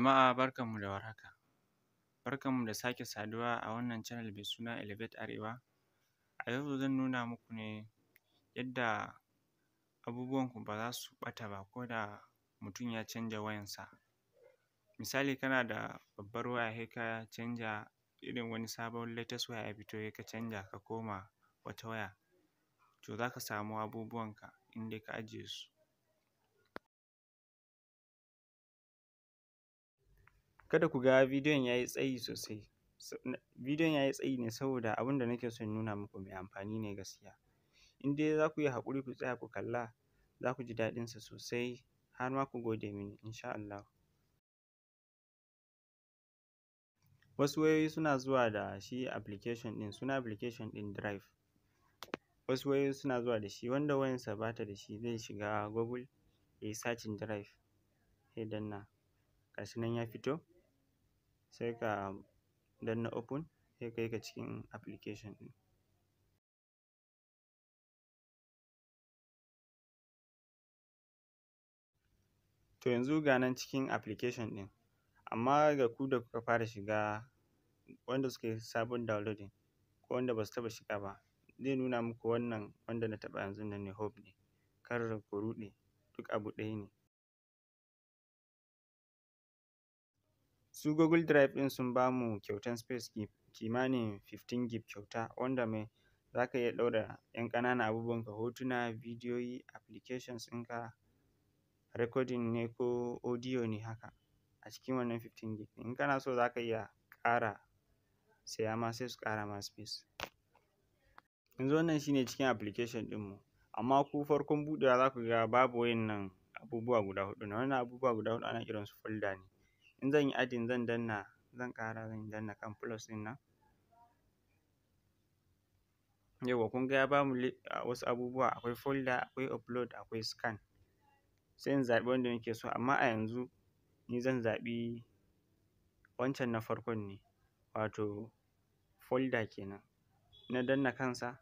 Jama'a barkanmu da warhaka, barkanmu da sake saduwa a wannan channel mai suna Elevate Arewa. A yau zan nuna muku ne yadda abubuwanku ba za su ɓata ba ko da mutum ya canza wayansa. Misali kana da babbar waya sai ka canza irin wani sabon latest waya ya fito sai ka canza ka koma wata waya, to za ka samu abubuwanka in dai ka ajiye su. kada ku ga bidiyon ya yi tsayi sosai bidiyon ya yi tsayi ne saboda abin da nake son nuna muku mai amfani ne gaskiya in dai za ku yi haƙuri ku tsaya ku kalla za ku ji daɗinsa sosai har ma ku gode mini insha Allah wasu wayoyi suna zuwa da shi application ɗin suna application ɗin drive wasu wayoyi suna zuwa da shi wanda wayansa ba ta da shi zai shiga google ya yi searching drive sai danna ga shi nan ya fito sai ka danna open sai kai ka cikin application ɗin. To yanzu ga nan cikin application ɗin amma ga ku da kuka fara shiga wanda suka yi sabon downloading ko wanda ba su taɓa shiga ba zai nuna muku wannan wanda na taɓa yanzu nan ne hope ne kar ku ruɗe duk abu ɗaya ne. su google drive din sun bamu kyautan space kimanin 15 gb kyauta wanda mai za ka iya ɗaura yan kanana abubuwan ka hotuna bidiyoyi applications ɗinka recording ne ko audio ne haka a cikin wannan 15 gb in kana so za ka iya kara saya ma sai su ƙara ma space yanzu wannan shine cikin application ɗinmu amma ku farkon buɗewa za ku ga babu wayannan abubuwa guda hudu na wannan abubuwa guda huɗu ana kiransu folder ne in zan yi adin zan danna zan ƙara zan danna kan plus ɗin nan yauwa kun ga ya ba mu wasu abubuwa akwai folda akwai upload akwai scan sai in zaɓi wanda nake so amma a yanzu ni zan zaɓi wancan na farkon ne wato folder kenan na danna kansa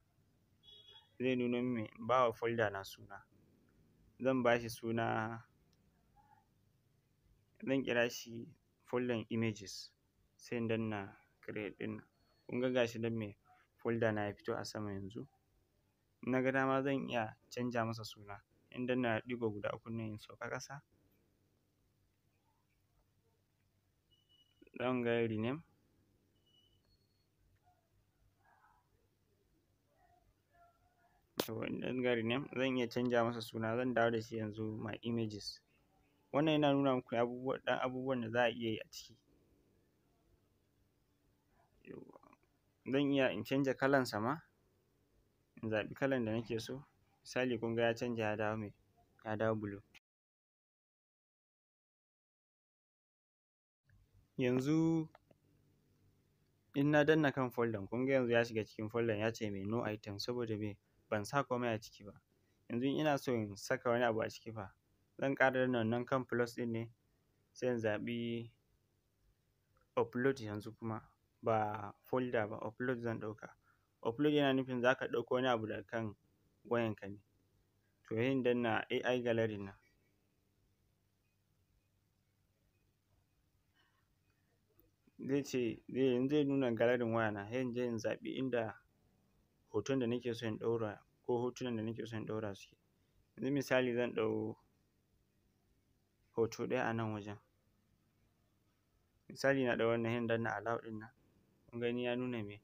zai nuno min in ba wa folder na suna zan ba shi suna zan kira shi folder images sai in danna create ɗin kun ga gashi nan me folder na ya fito a sama yanzu in na ga dama zan iya canja masa suna in danna ɗigo guda uku nan in sauka ƙasa zan ga rename to in na ga rename zan iya canja masa suna zan dawo da shi yanzu my images wannan yana nuna muku abubuwan ɗan abubuwan da a iya yi a ciki zan iya in canza kalan sa ma in zaɓi kalan da nake so misali kun ga ya canza ya dawo me ya dawo bulu yanzu in na danna kan folder kun ga yanzu ya shiga cikin folder ya ce me no item saboda me ban sa komai a ciki ba yanzu in ina so in saka wani abu a ciki fa zan ƙara da wannan kan plus ɗin ne sai in zaɓi upload yanzu kuma ba folder ba upload zan ɗauka upload yana nufin za ka ɗauko wani abu daga kan wayanka ne to sai in danna AI gallery na zai ce zai nuna galerin wayana sai in je zaɓi inda hoton da nake so in ɗaura ko hotunan da nake so in ɗaura suke yanzu misali zan ɗau hoto ɗaya a nan wajen misali na ɗau wannan sai danna allow ɗin nan kun gani ya nuna me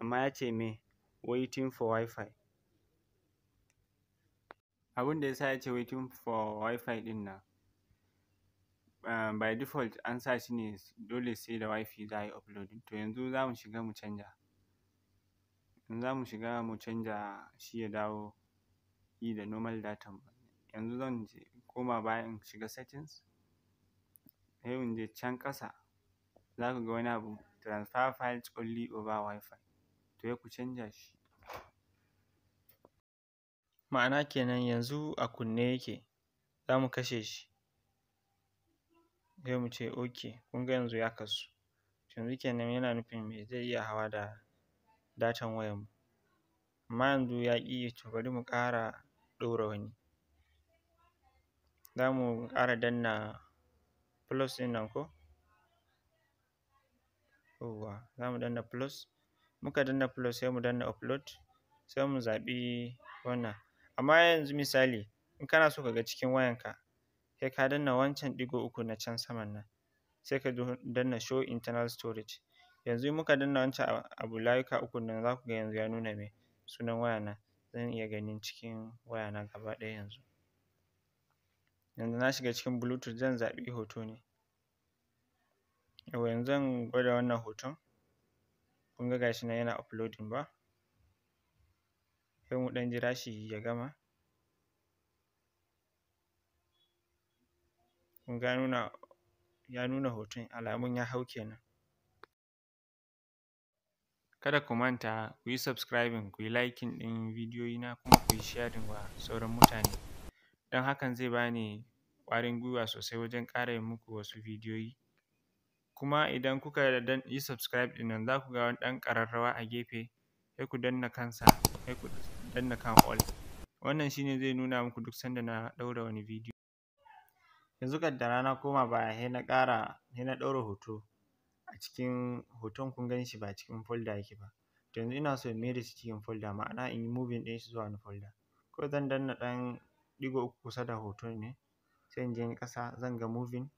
amma ya ce me waiting for wifi abin da ya sa ya ce waiting for wifi ɗin nan um, by default an sa shi ne dole sai da wifi za a yi uploading to yanzu za mu shiga mu canja yanzu za mu shiga mu canja shi ya dawo yi da normal data yanzu zan je koma bayan in shiga settings sai in can ƙasa za ku ga wani abu transfer files only over wifi to ya ku canja shi ma'ana kenan yanzu a kunne yake za mu kashe shi sai mu ce ok kunga yanzu ya kasu yanzu kenan yana nufin me zai iya hawa da datan wayan mu amma yanzu ya ƙi to bari mu ƙara ɗora wani za mu ƙara danna plus ɗin nan ko yauwa za mu danna plus muka danna plus sai mu danna upload sai mu zaɓi wannan amma yanzu misali in kana so ka ga cikin wayanka sai ka danna wancan ɗigo uku na can saman nan sai ka danna show internal storage yanzu in muka danna wancan abu layuka uku nan za ku ga yanzu ya nuna mai sunan wayana zan iya ganin cikin na gaba ɗaya yanzu yanzu na shiga cikin bluetooth zan zaɓi hoto ne yauwa yanzu zan gwada wannan hoton kun ga gashi nan yana uploading ba sai mu ɗan jira shi ya gama kun ga nuna ya nuna hoton alamun ya hau kenan kada ku manta ku yi subscribing ku yi liking ɗin bidiyoyina kuma ku yi sharing wa sauran mutane don hakan zai bani ƙwarin gwiwa sosai wajen ƙara yin muku wasu bidiyoyi. Kuma idan kuka yi subscribe ɗin nan za ku ga wani ɗan ƙararrawa a gefe sai ku danna kansa sai ku danna kan all. Wannan shine zai nuna muku duk sanda na ɗaura wani bidiyo. Yanzu ƙaddara na koma baya sai na ƙara sai na ɗaura hoto a cikin hoton kun gan shi ba cikin folder yake ba. To yanzu ina so in da shi cikin folder ma'ana in yi moving ɗin shi zuwa wani folder. Kawai zan danna ɗan ɗigo uku kusa da hoton ne sai in je ƙasa zan ga moving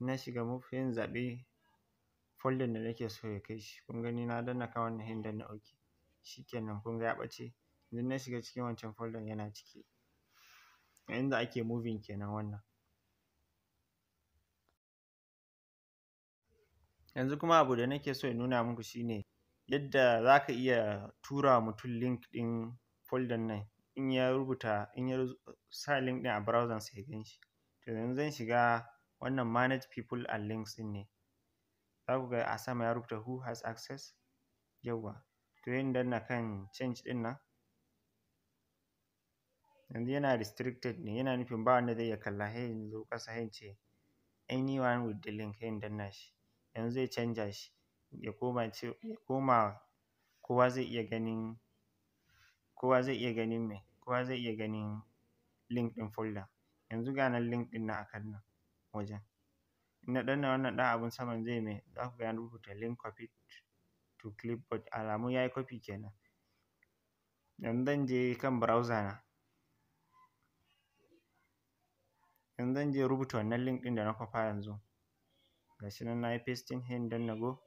in na shiga move sai in zaɓi folder da nake so ya kai shi kun gani na danna kan wannan sai na danna shi kenan kun ga ya ɓace idan na shiga cikin wancan folder yana ciki inda ake moving kenan wannan yanzu kuma abu da nake so in nuna muku shine yadda za ka iya tura wa mutum link ɗin folder nan in ya rubuta in ya sa link ɗin a browser sai ya ganshi to yanzu zan shiga wannan manage people and links ɗin ne za ku ga a sama ya rubuta who has access yawwa to dan danna kan change ɗin nan yanzu yana restricted ne yana nufin ba wanda zai iya kalla sai in zo ƙasa sai in ce anyone with the link sai danna shi yanzu zai canja shi ya koma ce ya koma kowa zai iya ganin kowa zai iya ganin me kowa zai iya ganin link ɗin folder yanzu ga nan link ɗin nan a kan nan wajen in na danna wannan ɗan abun saman zai me za ku ga ya rubuta link copy to clipboard alamun ya yi copy kenan yanzu zan je kan browser na yanzu zan je rubuta wannan link ɗin da na kwafa yanzu ga shi nan na yi pasting here in danna go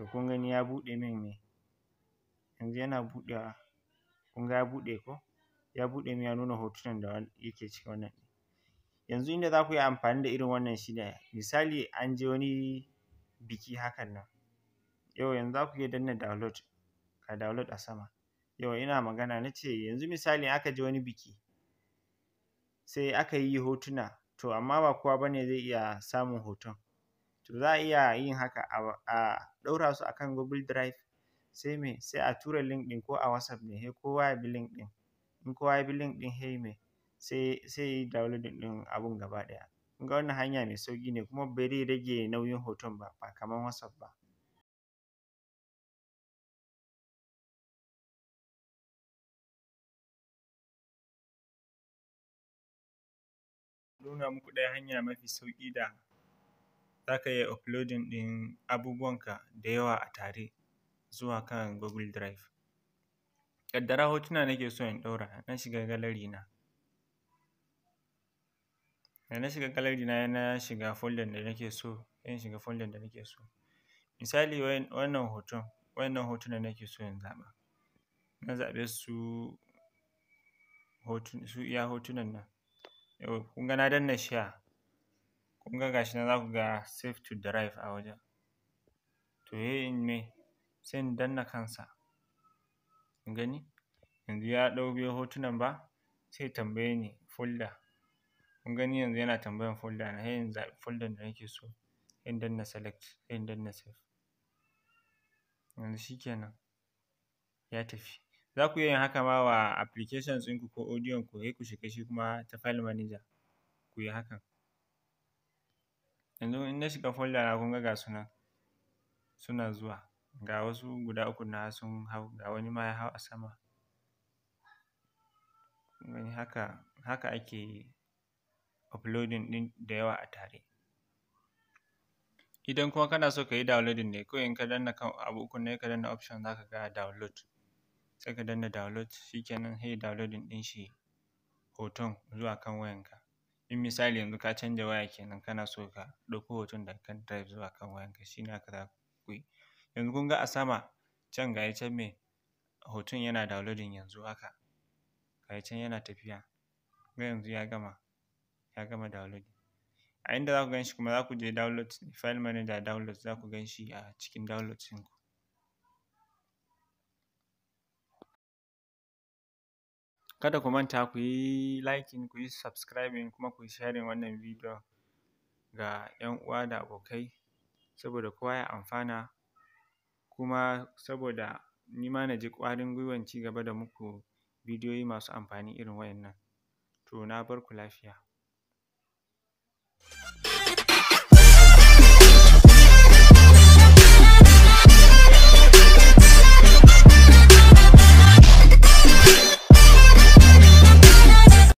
to kun gani ya buɗe min ne yanzu yana buɗewa kun ga ya buɗe ko ya buɗe min ya nuna hotunan da yake ciki wannan yanzu inda za ku yi amfani da irin wannan shi ne misali an je wani biki hakan nan yau yanzu za ku iya danna download ka download a sama yau ina magana na ce yanzu misali aka je wani biki sai aka yi hotuna to amma ba kowa ba ne zai iya samun hoton to za a iya yin haka a ɗaura su a kan google drive sai me sai a tura link ɗin ko a whatsapp ne sai kowa ya bi link ɗin in kowa ya bi link ɗin sai me sai sai yi downloading ɗin abun gaba ɗaya kun ga wannan hanya mai sauƙi ne kuma bai zai rage nauyin hoton ba ba kamar whatsapp ba nuna muku ɗaya hanya mafi sauƙi da za ka iya uploading ɗin abubuwanka da yawa a tare zuwa kan Google Drive. Ƙaddara hotuna nake so in ɗaura, na shiga gallery na. Da na shiga gallery na, na shiga folder da nake so, in shiga folder da nake so. Misali wannan hoton, waɗannan hotuna nake so in zaɓa. Na zaɓe su, su iya hotunan nan. Yau kun ga na danna share. kun ga gashi nan za ku ga save to drive a wajen to ye in me sai in danna kansa kun gani yanzu ya ɗau biyo hotunan ba sai tambaye ni folder kun gani yanzu yana tambayan folder na sai in zaɓi folder da nake so sai in danna select sai in danna save yanzu shikenan ya tafi za ku iya yin haka ma wa applications ɗinku ko audio ku sai ku shiga shi kuma ta file manager ku yi hakan yanzu in na shiga folda na kun ga ga suna zuwa ga wasu guda uku na sun hau ga wani ma ya hau a sama wani haka haka ake uploading ɗin da yawa a tare idan kuma kana so ka yi downloading ne kawai in ka danna kan abu uku ne ka danna option za ka ga download sai ka danna download shikenan sai downloading ɗin shi hoton zuwa kan wayanka in misali yanzu ka canza waya kenan kana so ka ɗauko hoton da kan drive zuwa kan wayanka shi shine haka za ku yi. Yanzu kun ga a sama can ga shi can me hoton yana downloading yanzu haka ga shi can yana tafiya ga yanzu ya gama ya gama downloading. A inda za ku gan shi kuma za ku je download file manager download za ku gan shi a cikin ɗin ku Kada ku manta ku yi liking, ku yi subscribing kuma ku yi sharing wannan video ga 'yan uwa da abokai saboda kowa ya amfana kuma saboda ni ma na ji ƙwarin gwiwan ci gaba da muku bidiyoyi masu amfani irin wayannan, To na bar ku lafiya.